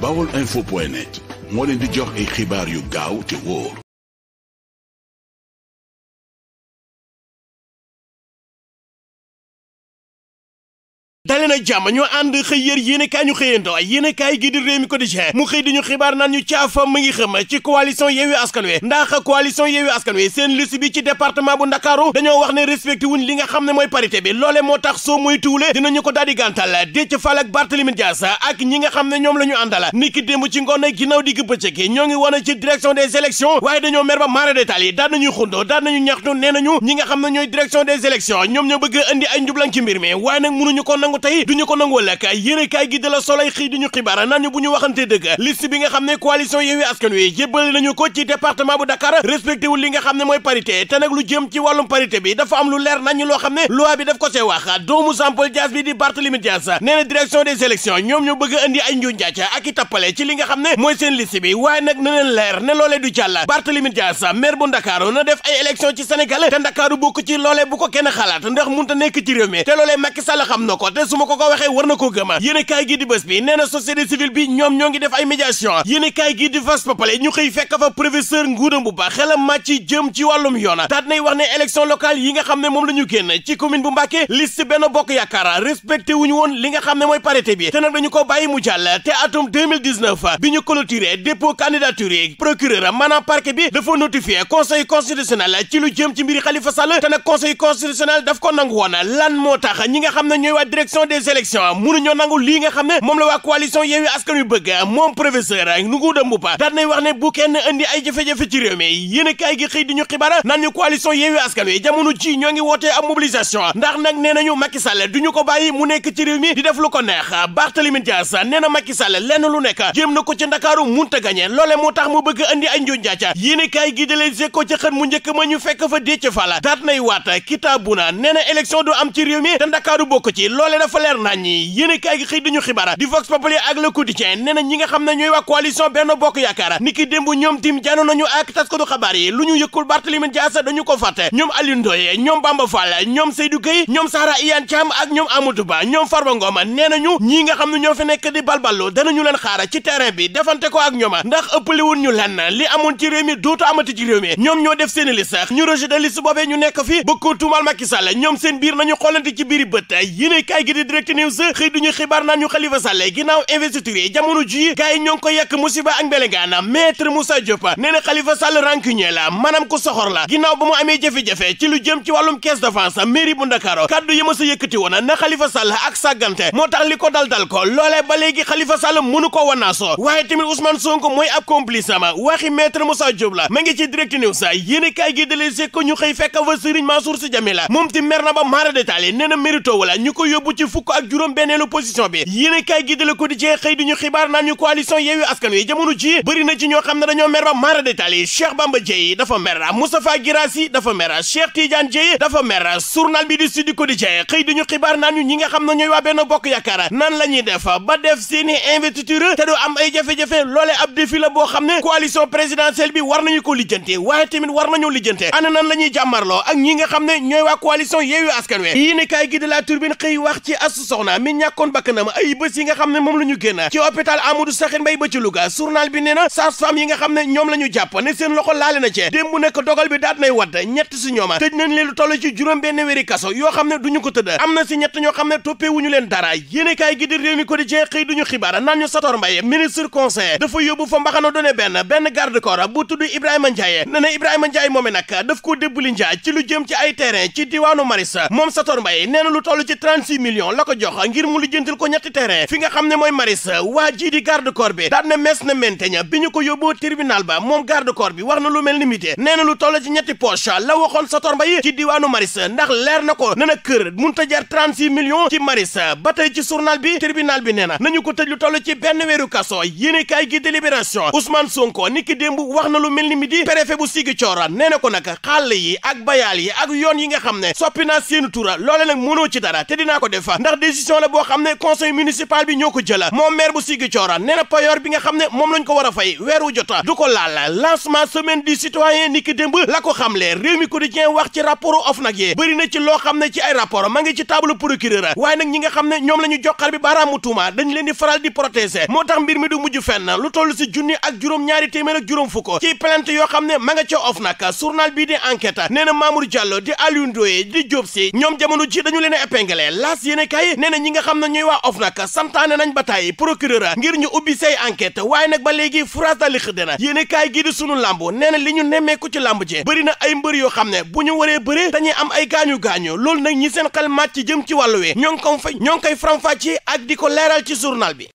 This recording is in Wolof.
Baol info point net moo leen di jox ay xibaar yu gaaw te wóor leen ak jàmm ñu ànd xëy yér yéenekaay ñu xëyantoo yéenekaay gi di Rewmi mu xëy di xibaar naan ñu caafa mu xëm ci coalition Yewwi Askan Wi ndax coalition Yewwi Askan Wi seen liste ci département bu Ndakaaru dañoo wax ne respecté wuñ li nga xam ne mooy parité bi loole moo tax soo muy tuule dinañu ko daal di gàntal Déthié Fall ak Barthélémy Dias ak ñi nga xam ne ñoom la ñu àndala niki démb ci ngoon ne ñooy direction des nag mënuñu ko nangu yi du ñu ko nangoo lekk yéene kaay gi de la di ñu xibaar naan bu ñu waxante dëgg liste bi nga xam ne coalition Yewwi Askan Wi jébbale nañu ko ci département bu Dakar respecté li nga xam ne mooy parité te nag lu jëm ci wàllum parité bi dafa am lu leer nañ loo xam ne loi bi daf ko see wax doomu Sampol Dias bi di Barthélémy Dias nee na direction des élections ñoom ñu bëgg a indi ay nju njaac ak i tappale ci li nga xam ne mooy seen liste na leen leer ko ko waxee war na koo gëm yéen kaay gi di bés bi nee na société civile bi ñoom ñoo ngi def ay médiation yéen kaay gi di Vox ñu xëy fekk fa professeur Ngouda Mboup xelam màcc jëm ci wàllum yoon daat nay wax ne élection locale yi nga xam ne moom la ñu génn ci commune bu Mbacké liste Benno Bokk Yaakaar respecté wuñu woon li nga xam ne mooy parité bi te nag dañu ko bàyyi mu jàll te atum 2019 bi ñu clôturé dépôt candidature yi procureur maanaam moo tax ñi nga xam ne des élections mënuñoo nangu lii nga xam ne moom la waa coalition Yewwi Askan Wi bëgg moom professeur Ngouda Mboup daan nay wax ne bu kenn indi ay jafe-jafe ci réew a gi xëy di ñu xibaar naan ñu coalition Yewwi Askan Wi jamono ji ñoo ngi ndax nag nee nañu Macky Sall du ñu ko bàyyi mu nekk ci réew mi di def lu ko neex Barthélémy Dias nee na Macky Sall lenn lu nekk jéem na ko ci Ndakaaru munta gañe loole moo tax mu bëgg indi ay njunjaaca a leer nañ ñi yéen kaay gi xëy dañu xibaar di Vox Populi ak Le Quotidien nee na ñi nga xam ne ñooy waa coalition Benno Bokk Yaakaar ni ki démb ñoom tim jaano nañu ak taskatu xabaar yi lu ñu yëkkul Barthélémy dañu ko fàtte ñoom Alioune Ndoye ñoom Bamba Fall ñoom Seydou Gueye ñoom Sahara Iyane Thiam ak ñoom Amadou Ba ñoom Farba Ngom nee nañu ñi nga xam ne ñoo fi nekk di balballu danañu leen xaar ci terrain bi defante ko ak ñooma ndax ëppale li amoon ñu direct news xëy duñu xibaar naan ñu Khalifa Sall na Khalifa Sall rancunier ku soxor la ginnaaw ba mu amee jafe-jafe ci jëm ci wàllum caisse d'avance mairie bu Ndakaaru kaddu yi ma sa yëkkati woon na Khalifa Sall ak sàggante moo tax li ko dal dal ko loolee ba léegi Khalifa Sall mënu ko wanaasoo waaye tamit Ousmane Sonko mooy ab complice ama waxi maître Moussa Diop la ma ngi ci direct news yéen kaay gi dalee si ko ñu xëy fekk fa Serigne Mansour Sy Djamila moom ti mer ba mara fukk ak juróom benneelu position bi yéen kaay gi de Le Quotidien xëy duñu xibaar naan ñu coalition Yewwi Askan Wi jamono na ci ñoo xam ne dañoo mer ba mara détaillé Cheikh Bamba Dièye dafa mer Moustapha Guirassy dafa mer Cheikh Tidiane Dièye dafa mer journal bi di Sud Quotidien xëy duñu xibaar naan ñu ñi nga xam ne ñooy waa Benno Bokk nan la ñuy def ba def seeni investiture am ay jafe-jafe loole ab défi la boo xam ne coalition présidentielle bi war nañu ko lijjante waaye tamit war nañoo lijjante ana nan la ñuy jàmmarloo ak ñi nga xam ne ñooy waa coalition Yewwi Askan Wi yéen kaay gi de La Tribune xëy wax ci asu soxna mi ñàkkoon bakkanam ay bés yi nga xam ne moom la ñu génn ci hôpital Amadou Sakhir Mbaye ba ci Louga journal bi nee na sage-femme yi nga xam ne ñoom la ñu jàpp ne seen loxo laale na ci démb nekk dogal bi daat nay wadd ñett si ñooma tëj nañ leen lu toll ci juróom benn wéri kaso yoo xam ne duñu ko tëdd am na si ñett ñoo xam ne toppee wuñu leen dara yéene kaay gi di réew mi ko di jeex xëy duñu xibaar naan ñu Sator Mbaye ministre conseil dafa yóbbu benn benn garde corps bu tudd Ibrahima Ndiaye ne na Ibrahima Ndiaye moome nag daf lu jëm ci ay terrain ci diwaanu Maris moom Sator Mbaye nee na lu toll ci 36 millions la ko jox ngir mu lijjantil ko ñetti terrain fi nga xam ne mooy maris waa jii di garde corps bi daan na mes na menteña bi ñu ko yóbboo tribunal ba moom garde corps bi wax na lu mel ni mité nee na lu toll ci ñetti poche la waxoon sa torba yi ci diwaanu maris ndax leer na ko ne na kër munta jar 36 millions ci maris ba tey ci journal bi tribunal bi nee na nañu ko tëj lu toll ci benn weeru kaso yéene kaay gi délibération Ousmane Sonko niki démb wax na lu mel ni midi préfet bu Ziguinchor nee na ko nag xàll yi ak bayaal yi ak yoon yi nga xam ne soppi naa seenu tura loole nag mënoo ci dara dinaa ko def ndax décision la boo xam ne conseil municipal bi ñoo ko jëla moom maire bu Ziguinchor nee payoor bi nga xam ne moom lañ ko war a fay weer wu jota du ko laal lancement semaine du citoyen ni ki démb la ko xamle réew mi quotidien wax ci rapport OFNAC yi bëri na ci loo xam ne ci ay rapport ma ngi ci table procureur waaye nag ñi nga xam ne ñoom la ñu joxal bi baaraamu tuuma dañ leen di faral di protéger moo tax mbir mi du mujj fenn toll si junni ak juróom ñaari téeméer ak juróom fukk ci plainte yoo ne ma nga ca OFNAC na Mamour Diallo di Aliou Ndoye si ñoom ji dañu leen a épinglé kaay nee ñi nga xam ne ñooy waa OFNAC santaane nañ ba tàyyi procureur ngir ñu ubbi say enquête waaye nag ba léegi France dali xëddina yéen i kaay gii di sunu làmb nee na li ñu nemmeeku ci làmb ji bëri na ay mbër yoo xam ne bu ñu waree bëre dañuy am ay gaañu-gaañu loolu nag ñi seen xel màcc jëm ci wàllu wi ñoo ngi ko fa ñoo ngi koy faram-fàcce ak di ko leeral ci surnal bi